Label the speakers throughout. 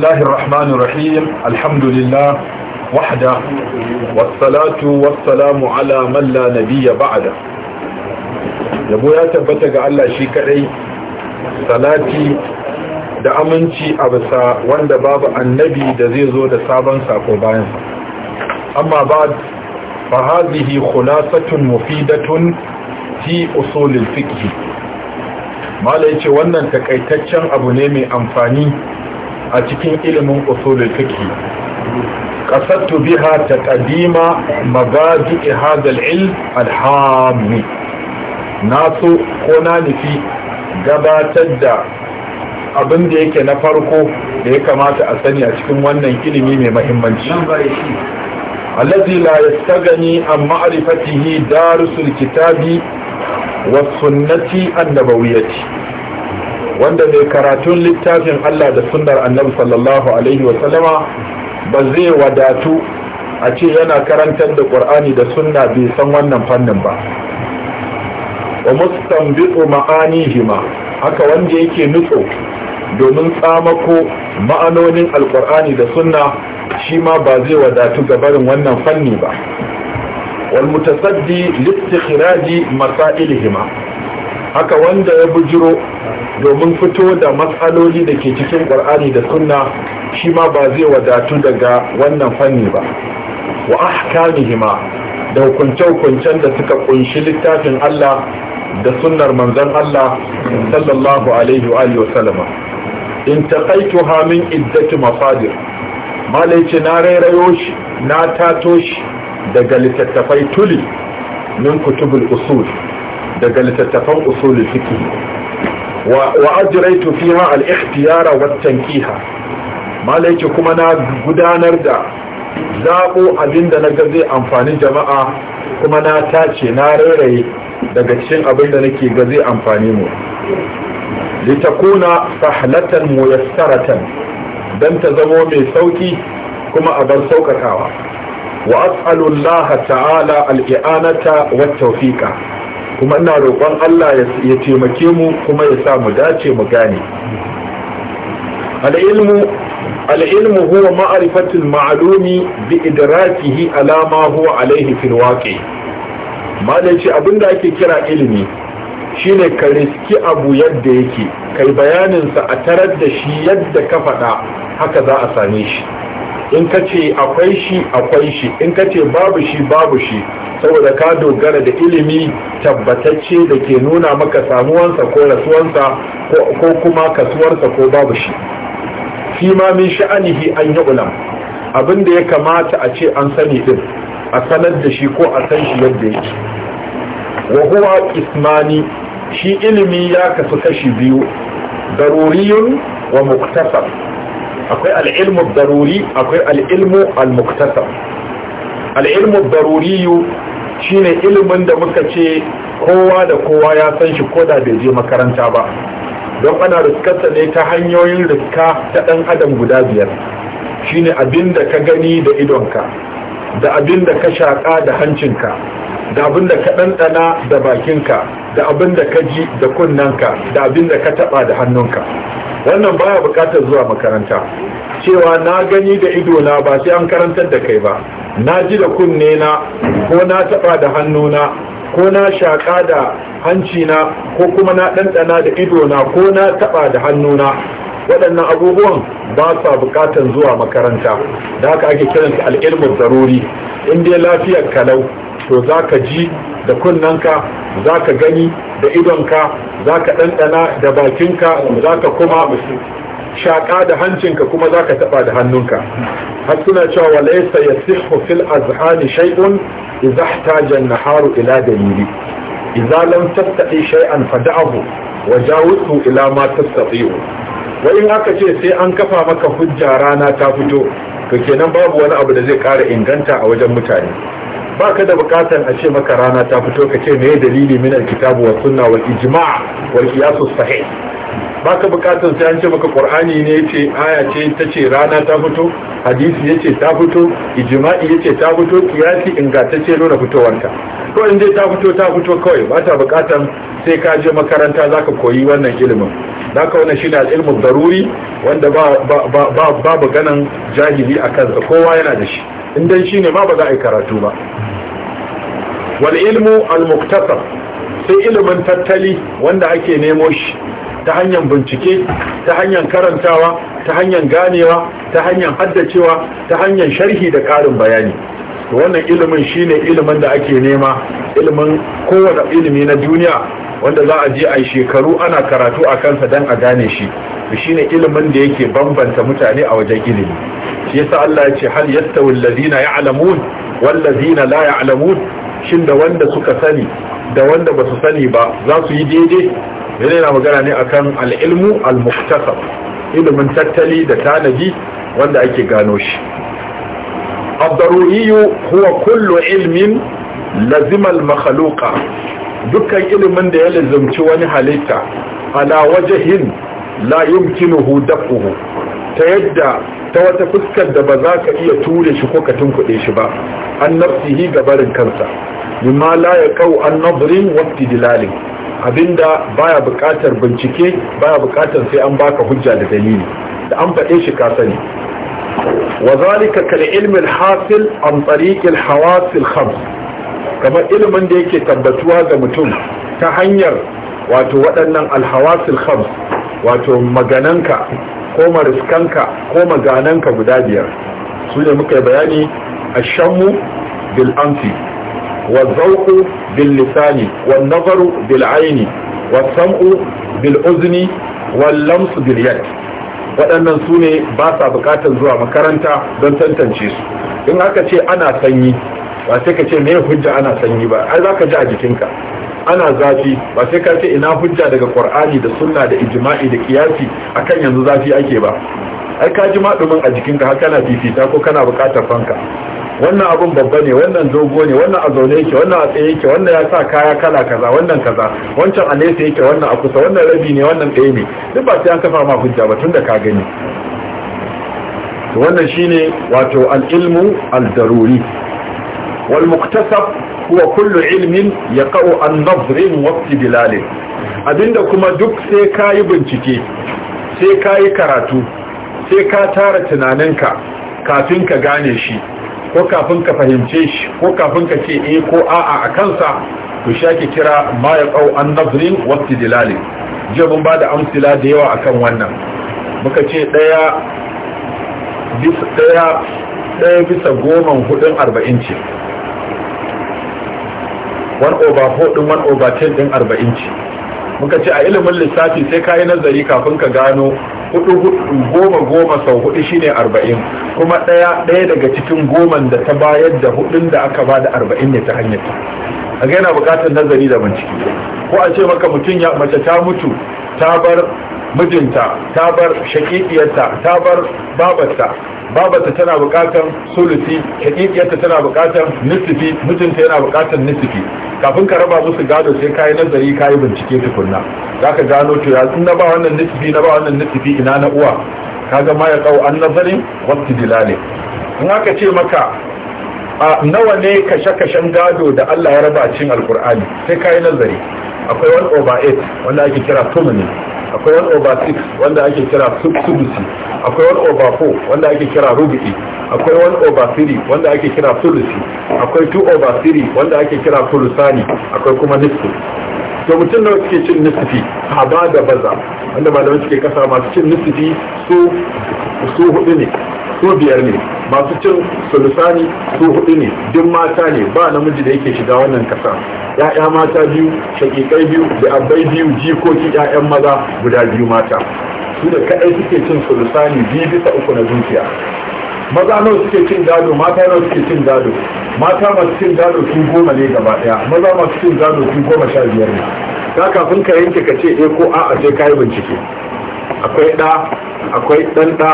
Speaker 1: الله الرحمن الرحيم الحمد لله وحده والصلاة والسلام على من لا نبي بعده yabo ya tabbata ga Allah shi kadai salati da aminci a bisa wanda babu annabi da zai zo da sabon sako bayan amma ba fa hadhihi khulasatun mufidatun fi usulil fiqh mala ce wannan takaitaccen abu ne mai amfani a cikin ilimin usulul fiqh qasadtu biha taqdima mabadi hadha al-ilm al-hammi naso ko na nufi gabatar da abin da yake na farko da ya kamata a sani a cikin wannan ilimi mai muhimmanci allazi la yastagani an ma'rifatihi darusul kitabi was sunnati annabawiyyati wanda mai karatun littafin Allah da sunnar annabi sallallahu alaihi ba zai wadatu a ce yana karantar da Qur'ani da sunna bai san wannan fannin ba wa mustanbitu ma'anihima haka wanda yake nutso domin tsamako ma'anonin alqur'ani da sunna shi ma ba zai wadatu barin wannan fanni ba wal mutasaddi li istikhraji masailihima haka wanda ya bujiro domin fito da matsaloli da ke cikin ƙwar'ani da sunna shi ma ba zai wadatu daga wannan fanni ba wa ahkamihima da hukunce-hukuncen da suka kunshi littafin Allah da sunnar manzon Allah sallallahu alaihi wa alihi salama, in taqaituha min iddati masadir malai na rairayo shi na tato shi daga littattafai tuli min kutubul usul daga littattafan usul fiqh wa ajraitu fiha al-ikhtiyara wa tankiha malaiki kuma na gudanar da zabo abinda na ga zai amfani jama'a kuma na tace na rairaye daga cikin abinda nake ga zai amfani mu litakuna sahlatan muyassaratan dan ta zamo mai sauki kuma a bar saukakawa wa as'alullaha ta'ala al-i'anata wa tawfiqa kuma ina roƙon Allah ya taimake mu kuma ya sa mu dace mu gane al-ilmu al-ilmu huwa ma'rifatu al-ma'lumi bi idrakihi ala ma huwa alayhi fil waqi malaci abinda ake kira ilimi shine ka riski abu yadda yake kai bayanin sa a tarar da shi yadda ka faɗa haka za a same shi in ka ce akwai shi akwai shi in ka ce babu shi babu shi saboda ka dogara da ilimi tabbatacce da ke nuna maka samuwansa ko rasuwansa ko kuma kasuwarsa ko babu shi fi ma min sha'anihi an yi ulam abin da ya kamata a ce an sani din a sanar da shi ko a san shi yadda yake wa huwa ismani shi ilimi ya kasu kashi biyu daruriyun wa muktasar akwai al'ilmu daruri akwai al'ilmu al-muktasa al'ilmu daruriyu shine ilimin da muka ce kowa da kowa ya san shi ko da bai je makaranta ba don ana riskarsa ne ta hanyoyin riska ta ɗan adam guda biyar shine abin da ka gani da idonka da abin da ka shaƙa da hancinka da abin da ka ɗanɗana da bakinka da abin da ka ji da kunnanka da abin da ka taɓa da hannunka wannan baya buƙatar zuwa makaranta cewa na gani da idona ba sai an karantar da kai ba na ji da kunne na ko na taɓa da hannuna ko na shaƙa da hanci na ko kuma na ɗanɗana da idona ko na taɓa da hannuna waɗannan abubuwan ba sa buƙatar zuwa makaranta da haka ake kiransa al'ilmin zaruri in dai lafiyar kalau to za ka ji da kunnanka za ka gani da idonka za ka ɗanɗana da bakinka za ka kuma shaƙa da hancinka kuma za ka taɓa da hannunka har suna cewa wa ya sihu fil azhani shay'un idza ihtaja na haru ila dalili idza lam shai'an fada abu wa jawizhu ila ma tastati'u wa in aka ce sai an kafa maka hujja rana ta fito to kenan babu wani abu da zai ƙara inganta a wajen mutane ba ka da bukatar a ce maka rana ta fito ka ce ne dalili min alkitabu wa sunna wal ijma' wal qiyas sahih ba ka bukatar sai an ce maka qur'ani ne yace aya ce ta ce rana ta fito hadisi yace ta fito ijma'i yace ta fito qiyasi ingantacce nuna fitowarta to in dai ta fito ta fito kawai ba ta bukatar sai ka je makaranta zaka koyi wannan ilimin zaka wannan shine al-ilmu daruri wanda ba ba ba ba ganin jahili a kansa kowa yana da shi in dan shine ma ba za a yi karatu ba wal ilmu al muktasar sai ilimin tattali wanda ake nemo shi ta hanyar bincike ta hanyar karantawa ta hanyar ganewa ta hanyar haddacewa ta hanyar sharhi da karin bayani wannan ilimin shine ilimin da ake nema ilimin kowane ilimi na duniya wanda za a je a shekaru ana karatu a kansa don a gane shi shine ilimin da yake bambanta mutane a wajen ilimi shi yasa Allah ya ce hal yastawi alladhina ya'lamun wal la ya'lamun shin da wanda suka sani da wanda ba su sani ba za su yi daidai yana na magana ne akan al-ilmu al-muktasab ilimin tattali da tanaji wanda ake gano shi الضروري هو كل علم لزم المخلوق dukkan ilimin da ya lazumci wani halitta ala wajahin la yumkinuhu dafuhu ta yadda ta wata fuskar da ba za ka iya ture shi ko ka tunkuɗe shi ba an nafsihi ga barin kansa mimma la ya kau an nadrin wa istidlalin abinda baya buƙatar bincike baya buƙatar sai an baka hujja da dalili da an faɗe shi ka sani wa zalika kal ilmi al hasil an tariq al hawas al khams kamar ilimin da yake tabbatuwa ga mutum ta hanyar wato waɗannan al hawas al khams wato magananka ko mariskanka ko magananka guda biyar su ne muka yi bayani a shanmu bil amfi wa zauku bil lisani wa nazaru bil aini wa sam'u bil uzni wa lamsu bil yad waɗannan su ne ba sa buƙatar zuwa makaranta don tantance su in aka ce ana sanyi ba sai ka ce me hujja ana sanyi ba ai za ka ji a jikinka ana zafi ba sai ka ce ina hujja daga qur'ani da sunna da ijma'i da qiyasi akan yanzu zafi ake ba ai ka ji madumin a jikinka har kana fifita ko kana bukatar fanka wannan abun babba ne wannan dogo ne wannan a zaune yake wannan a tsaye yake wannan ya sa kaya kala kaza wannan kaza wancan a nesa yake wannan a kusa wannan rabi ne wannan ɗaya ne duk ba sai an kafa ma hujja ba tunda ka gani to wannan shine wato al-ilmu al-daruri wal muktasab huwa kullu ilmin yaqa'u an nadhrin wa istidlal abinda kuma duk sai kayi bincike sai kayi karatu sai ka tara tunaninka kafin ka gane shi ko kafin ka fahimce shi ko kafin ka ce eh ko a'a a kansa to shaki kira ma yaqa'u an nadhrin wa istidlal jiya mun bada amsila da yawa akan wannan muka ce daya bisa daya bisa goma hudun arba'in ce one over four din one over ten din arba'in ce muka ce a ilimin lissafi sai ka yi nazari kafin ka gano hudu goma goma sau hudu shine arba'in kuma ɗaya ɗaya daga cikin goman da ta bayar da hudun da aka ba da arba'in ne ta hanyar a ga yana buƙatar nazari da bincike ko a ce maka mutum ya mace ta mutu ta bar mijinta ta bar shaƙiƙiyarta ta bar babarta babarta tana buƙatar sulusi shaƙiƙiyarta tana buƙatar nisifi mijinta yana buƙatar nisifi kafin ka raba musu gado sai kayi nazari kayi bincike tukunna za ka gano to ya na ba wannan nisifi na ba wannan nisifi ina na uwa kaga ma ya tsawo an nazarin wakti dilale in aka ce maka a nawa ne kashe-kashen gado da Allah ya raba cin alkur'ani sai kayi nazari akwai 1 over 8 wanda ake kira tumani akwai wani over six wanda ake kira sudusi akwai wani over four wanda ake kira rubi'i akwai wani over three wanda ake kira sulusi akwai two over three wanda ake kira sulusani akwai kuma nisfi to mutum nawa suke cin nisfi haba da baza wanda malamai suke kasa masu cin nisfi su su hudu ne su biyar ne masu cin sulusani su hudu ne duk mata ne ba namiji da yake shiga wannan kasa ya'ya mata biyu shakikai biyu da abai biyu jikoki ya'yan maza guda biyu mata su da kadai suke cin sulusani biyu bisa uku na zuciya maza nawa suke cin gado mata nawa suke cin gado mata masu cin gado sun goma ne gaba daya maza masu cin gado sun goma sha biyar ne ka kafin ka yanke ka ce eh ko a'a sai ka bincike akwai ɗa akwai ɗan ɗa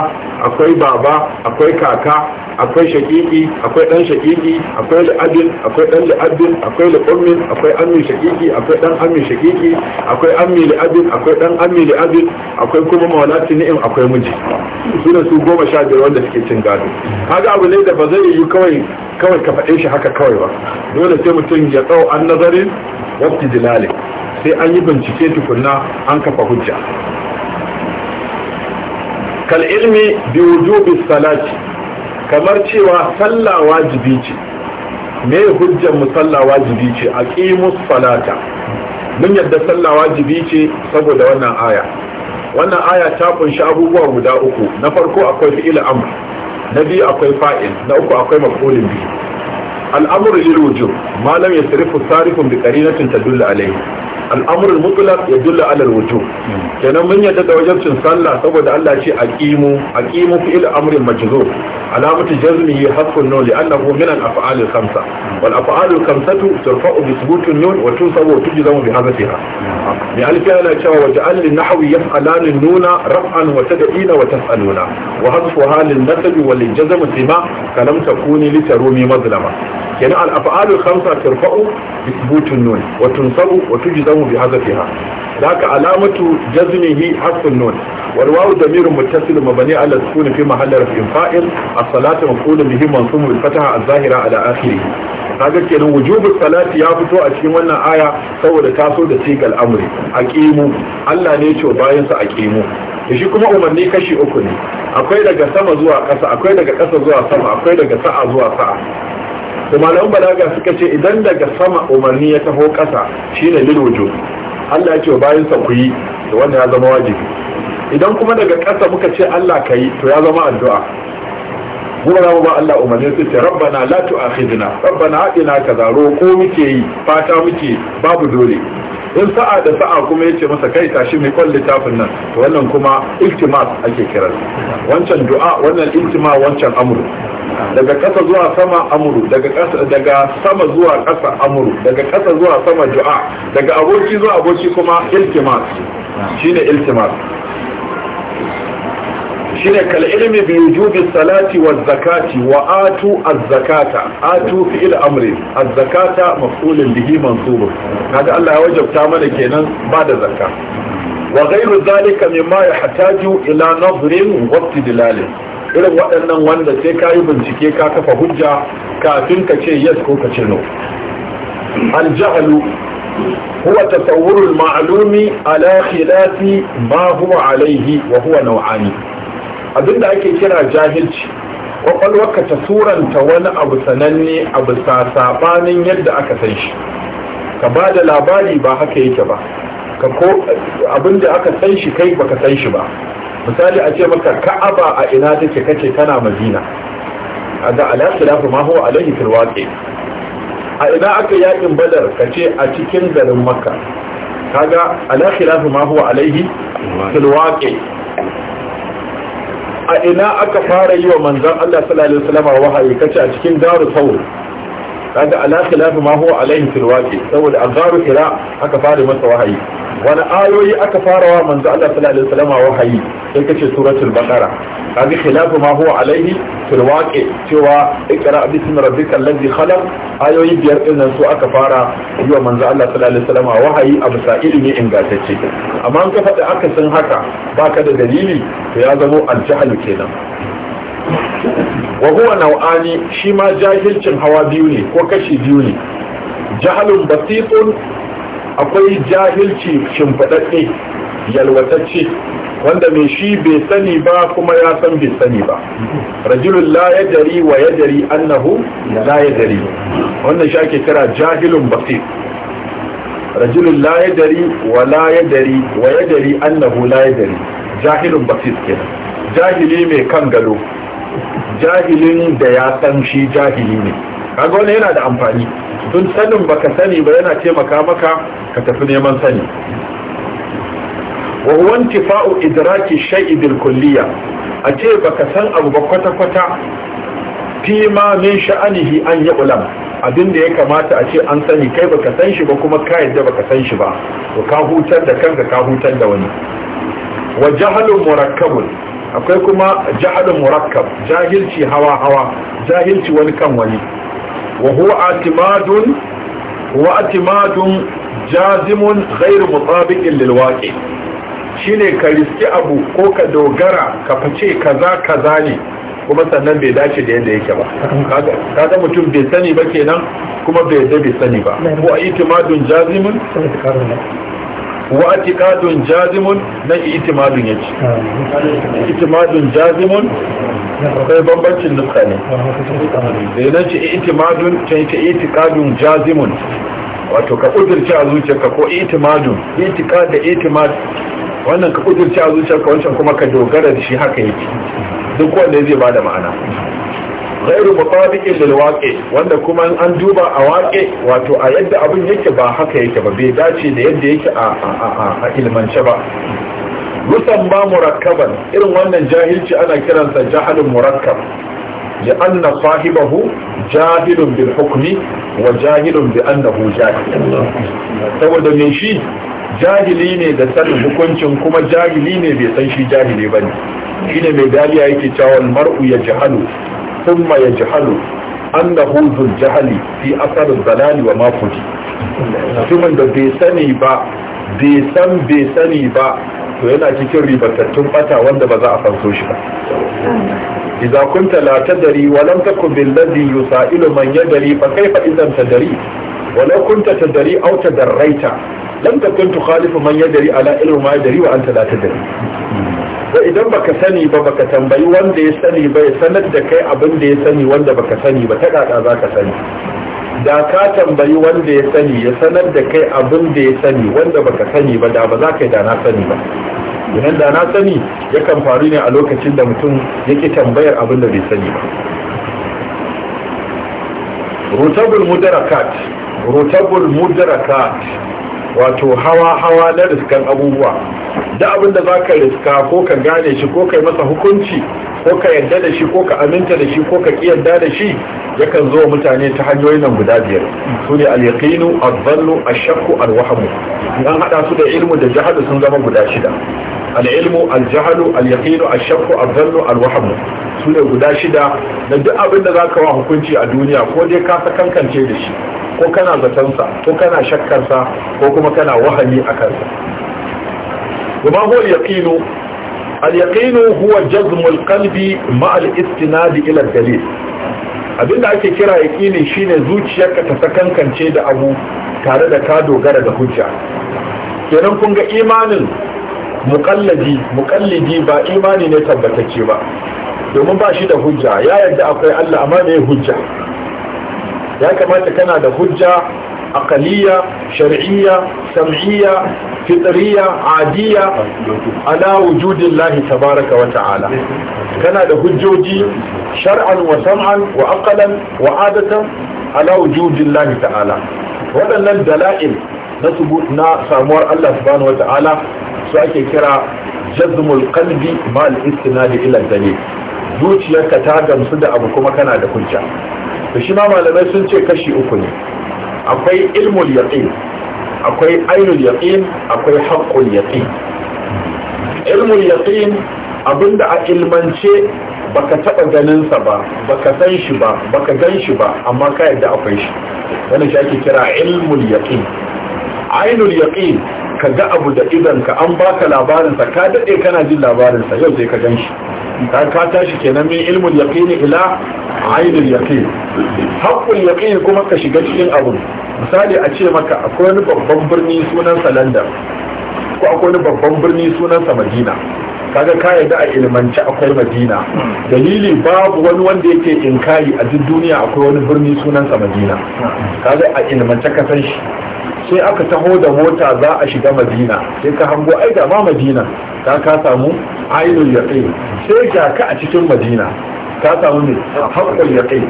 Speaker 1: akwai baba akwai kaka akwai shakiki akwai ɗan shakiki akwai li'abin akwai ɗan li'abin akwai li'ummin akwai ammi shakiki akwai ɗan ammi shakiki akwai ammi li'abin akwai ɗan ammi li'abin akwai kuma maulati ni'im akwai miji su su goma sha biyar wanda suke cin gado kaga abu ne da ba zai yi kawai kawai ka faɗe shi haka kawai ba dole sai mutum ya tsawo an nazarin wakti dilali sai an yi bincike tukunna an kafa hujja kal ilmi bi wujubi salati kamar cewa sallah wajibi ce me hujjar mu sallah wajibi ce aqimus salata mun yadda sallah wajibi ce saboda wannan aya wannan aya ta kunshi abubuwa guda uku na farko akwai fi'il amr na biyu akwai fa'il na uku akwai maf'ulin bihi al'amru lil wujub ma lam yasrifu sarifun bi qarinatin tadullu alayhi al'amurin mutlaq ya ala alal wujub kenan mun yadda da wajen cin sallah saboda Allah ce aqimu fi fi'il amrin majzur علامة جزمه حذف النون لأنه من الأفعال الخمسة والأفعال الخمسة ترفع بثبوت النون وتنصب وتجزم بحذفها لألفها لا شوى وجعل للنحو يفعلان النون رفعا وتدعين وتسألون وحذفها للنسب وللجزم سما فلم تكوني لترومي مظلمة يعني الأفعال الخمسة ترفع بثبوت النون وتنصب وتجزم بحذفها ذاك علامة جزمه حذف النون والواو ضمير متصل مبني على السكون في محل رفع فائل الصلاة مفعول به منصوب بالفتحة الظاهرة على آخره kaga kenan wujubus salati ya fito a cikin wannan aya saboda taso da sigal amri aqimu Allah ne ce bayan sa aqimu da shi kuma umarni kashi uku ne akwai daga sama zuwa ƙasa akwai daga ƙasa zuwa sama akwai daga sa'a zuwa sa'a to malaman balaga suka ce idan daga sama umarni ya taho ƙasa shine lil wujub Allah ya ce bayan sa ku yi to wannan ya zama wajibi idan kuma daga ƙasa muka ce Allah ka yi to ya zama addu'a mu ba ba Allah umarni sai ce rabbana la tu'akhidna rabbana atina kaza roko muke yi fata muke babu dole in sa'a da sa'a kuma yace masa kai tashi mai kwalli littafin nan to wannan kuma iltimas ake kiransa wancan du'a wannan iltima wancan amru daga kasa zuwa sama amuru daga kasa daga sama zuwa kasa amuru daga kasa zuwa sama du'a daga aboki zuwa aboki kuma iltimas shine iltimas shine kal ilmi bi wujubi salati wa zakati wa atu az zakata atu fi'il amri az zakata maf'ulun bihi mansub kaga Allah ya wajabta mana kenan ba da zakka wa ghayru zalika mimma yahtaju ila nadhrin wa istidlal irin waɗannan wanda sai ka yi bincike ka kafa hujja kafin ka ce yes ko ka ce no aljahalu huwa tasawwurul ma'lumi ala khilafi ma huwa alaihi wa huwa nau'ani abinda ake kira jahilci kwakwalwarka ta suranta wani abu sananne abu sabanin yadda aka san shi ka ba da labari ba haka yake ba ka ko abinda aka san shi kai baka san shi ba misali a ce maka ka'aba a ina take kace kana madina a ga alaƙilafi ma huwa alaihi firwaƙe a ina aka yakin badar kace a cikin garin makka kaga alaƙilafi ma huwa alaihi firwaƙe a ina aka fara yi wa manzan Allah sallallahu alaihi wasallam wahayi kace a cikin daru saur kaga alaƙilafi ma huwa alaihi firwaƙe saboda a daru kira aka fara masa wahayi wani ayoyi aka farawa manzo Allah sallallahu alaihi wasallam wahayi sai kace suratul baqara kaga khilafu ma huwa alaihi fil waqi cewa ikra bismi rabbikal ladzi khalaq ayoyi biyar din nan su aka fara yiwa manzo Allah sallallahu alaihi wasallam wahayi abu sa'ili ne ingantacce amma an ka faɗi aka san haka baka da dalili to ya zamo aljahlu kenan wa huwa nau'ani shi ma jahilcin hawa biyu ne ko kashi biyu ne jahalun basitun akwai jahilci shimfiɗaɗɗe yalwatacce wanda mai shi bai sani ba kuma ya san bai sani ba rajulun la ya dari wa ya dari annahu la ya dari wannan shi ake kira jahilun basir rajulun la ya dari wa la ya dari wa ya dari annahu la ya dari jahilun basir kenan jahili mai kan galo jahilin da ya san shi jahili ne kaga wani yana da amfani tun sanin baka sani ba yana taimaka maka ka tafi neman sani wa huwa intifa'u idraki shay'i bil kulliyya a ce baka san abu ba kwata kwata Fima ma min sha'anihi an ya ulam abin da ya kamata a ce an sani kai baka san shi ba kuma ka yadda baka san shi ba to ka hutar da kanka ka hutar da wani wa jahlun murakkabun akwai kuma jahlun murakkab jahilci hawa hawa jahilci wani kan wani وهو اعتماد هو اعتماد جازم غير مطابق للواقع shine ka riske abu ko ka dogara ka fice kaza kaza ne kuma sannan bai dace da yadda yake ba kaga mutum bai sani ba kenan kuma bai yadda bai sani ba ko itimadun jazimun wa atiqadun jazimun na itimadun yace ah. itimadun jazimun akwai bambancin nuska ne da eh, yana ce itimadun ta yi ta itikadun jazimun wato ka kudurci a zuciyarka ko itimadun itika da itimad wannan ka kudurci a zuciyarka wancan kuma ka dogara da shi haka yake duk wanda zai bada ma'ana ghairu mutabiqin da waƙe wanda kuma an duba a waƙe wato a yadda abin yake ba haka yake ba bai dace da yadda yake a a ilmance ba musamma murakkaban irin wannan jahilci ana kiransa jahalun murakkab ya anna sahibahu jahilun bil hukumi, wa jahilun bi annahu jahil saboda me shi jahili ne da sanin hukuncin kuma jahili ne bai san shi jahili ne ba Shi ne mai daliya yake cewa mar'u ya jahalu thumma ya jahalu annahu zul jahali fi asar dalali wa ma mutumin da bai sani ba bai san bai sani ba to yana cikin ribatattun bata wanda ba za a fanso shi ba idza kunta la tadri wa lam takun bil ladhi yusailu man yadri fa kayfa idan tadri wa law kunta tadri aw tadarraita lam takun tukhalifu man yadri ala ilmi ma yadri wa anta la tadri wa idan baka sani ba baka tambayi wanda ya sani ba ya sanar da kai abin da ya sani wanda baka sani ba ta kaka zaka sani da ka tambayi wanda ya sani ya sanar da kai abin da ya sani wanda baka sani ba da ba za kai da na sani ba idan da na sani yakan faru ne a lokacin da mutum yake tambayar abin da bai sani ba rotabul mudarakat rotabul mudarakat wato hawa-hawa na riskan abubuwa da abin da za ka riska ko ka gane shi ko ka yi masa hukunci ko ka yadda da shi ko ka aminta da shi ko ka yarda da shi yakan zo mutane ta hanyoyin nan guda biyar su ne al-yaqinu adh alwahmu ash haɗa hada su da ilmu da jahadu sun zama guda shida al'ilmu aljahalu alyaqinu ashakku azallu alwahmu su ne guda shida da duk abin da za ka wa hukunci a duniya ko dai ka sa kankance da shi ko kana zatansa ko kana shakkarsa ko kuma kana wahami a kansa kuma huwa alyaqinu alyaqinu huwa jazm alqalbi ma alistinad ila abin da ake kira yaqini shine zuciyarka ta sakankance da abu tare da ka dogara da hujja kenan kun ga imanin muƙallidi muƙallidi ba imani ne tabbatacce ba domin ba shi da hujja ya yadda akwai Allah amma ne hujja ya kamata kana da hujja aqaliyya shar'iyya sam'iyya fitriyya adiyya ala wujudillahi tabaraka wa ta'ala kana da hujjoji shar'an wa sam'an wa aqalan wa adatan ala wujudillahi ta'ala waɗannan dala'il na na samuwar Allah subhanahu ta'ala su ake kira jazmul qalbi mal istinadi ila dalil zuciyarka ta gamsu da abu kuma kana da kunya to shi ma malamai sun ce kashi uku ne akwai ilmul yaqin akwai ainul yaqin akwai haqqul yaqin ilmul yaqin abinda a ilmance baka taba ganin sa ba baka san shi ba baka gan shi ba amma ka yadda akwai shi wannan shi ake kira ilmul yaqin ainul yaqin ka ga abu da idan ka an baka labarin sa ka dade kana jin labarin sa yau sai ka ganshi ka ka tashi kenan min ilmul yaqin ila ainul yaqin haqqul yaqin kuma ka shiga cikin abu misali a ce maka akwai wani babban birni sunan sa ko akwai wani babban birni sunan sa Madina kaga ka yadda a ilmance akwai madina dalili babu wani wanda yake inkari a duk duniya akwai wani birni sunan sa madina kaga a ilmance ka san shi sai aka taho da mota za a shiga madina sai ka hango ai da ma madina ka ka samu ainul yaqin sai ga ka a cikin madina ka samu ne haƙƙul yaqin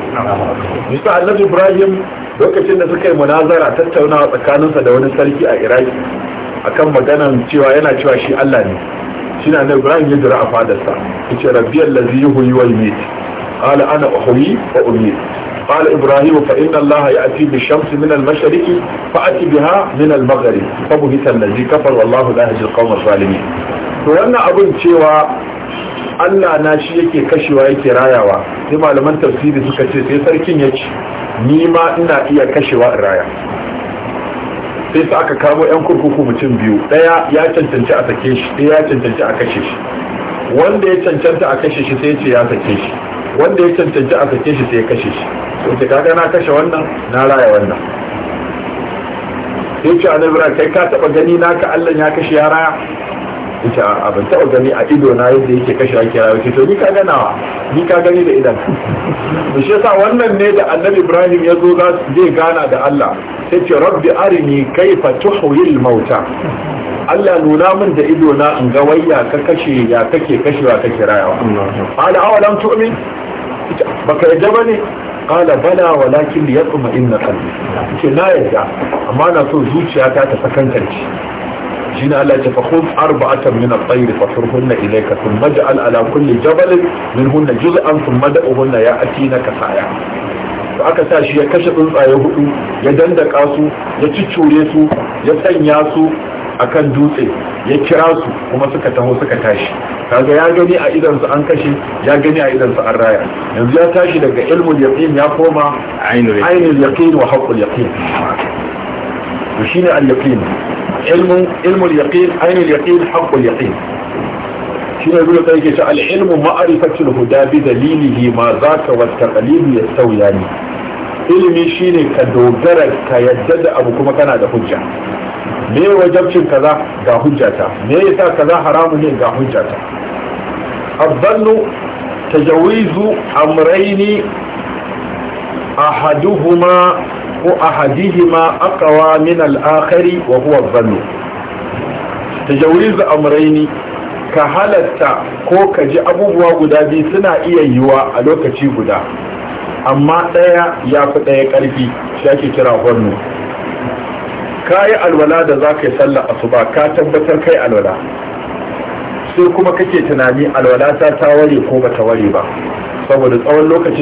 Speaker 1: bisa annabi ibrahim lokacin da suka yi munazara tattaunawa tsakaninsa da wani sarki a iraki akan maganan cewa yana cewa shi allah ne shi na na ibrahim ya jira a fadarsa ya ce rabbiyar lazi yi huyi wal mit ana uhuyi wa umit قال إبراهيم فإن الله يأتي بالشمس من المشرق فأتي بها من المغرب فبهت الذي كفر والله لا يهدي القوم الظالمين wannan abin cewa Allah na shi yake kashewa yake rayawa sai malaman tafsiri suka ce sai sarkin ya ce ni ma ina iya kashewa in raya sai sa aka kamo yan kurkuku mutum biyu daya ya cancanci a sake shi daya ya cancanci a kashe shi wanda ya cancanta a kashe shi sai ya ce ya sake shi wanda ya cancanci a sake shi sai ya kashe shi yake ta na kashe wannan na raya wannan sai ce annabi ibrahim kai ka taba gani naka Allah ya kashe ya raya yace a ban taba gani a ido na yadda yake kashe ya kira yace to ni ka ganawa ni ka gani da idan to shi yasa wannan ne da annabi ibrahim ya zo zai gana da Allah sai ce rabbi arini kaifa tuhyil mauta Allah nuna min da ido na in ga wayya ka kashe ya kake kashewa kake rayawa ala awalam tu'min baka yadda bane qala bala walakin liyatma inna qalbi ce na yadda amma na so zuciyata ta shi ne Allah ya fa khudh arba'atan min at-tayr fasurhunna ilayka thumma ij'al ala kulli jabalin minhunna juz'an thumma da'uhunna ya'tinaka sa'a to aka sa shi ya kashe tsuntsaye hudu ya dandaka su ya ciccure su ya sanya su akan dutse ya kira su kuma suka taho suka tashi kaga ya gani a idan su an kashe ya gani a idan su an raya yanzu ya tashi daga ilmul yaqin ya koma ainul yaqin wa haqqul yaqin to shine al yaqin ilmu ilmul yaqin ainul yaqin haqqul yaqin shine zuwa sai ke ce al ilmu ma'rifatul huda bi dalilihi ma zaka wa taqlid yastawiyani ilimi shine ka dogara ka yadda da abu kuma kana da hujja me wajabcin kaza ga hujjata me yasa kaza haramun ne ga hujjata abdallu tajawizu amraini ahaduhuma ko ahadihima aqwa min al-akhari wa huwa dhannu tajawizu amraini ka halatta ko ka ji abubuwa guda biyu suna iya yiwa a lokaci guda amma ɗaya ya fi ɗaya ƙarfi shi ake kira hannu ka yi alwala da za ka yi sallar asuba ka tabbatar kai alwala sai kuma kake tunani alwala ta ta ware ko ba ta ware ba saboda tsawon lokacin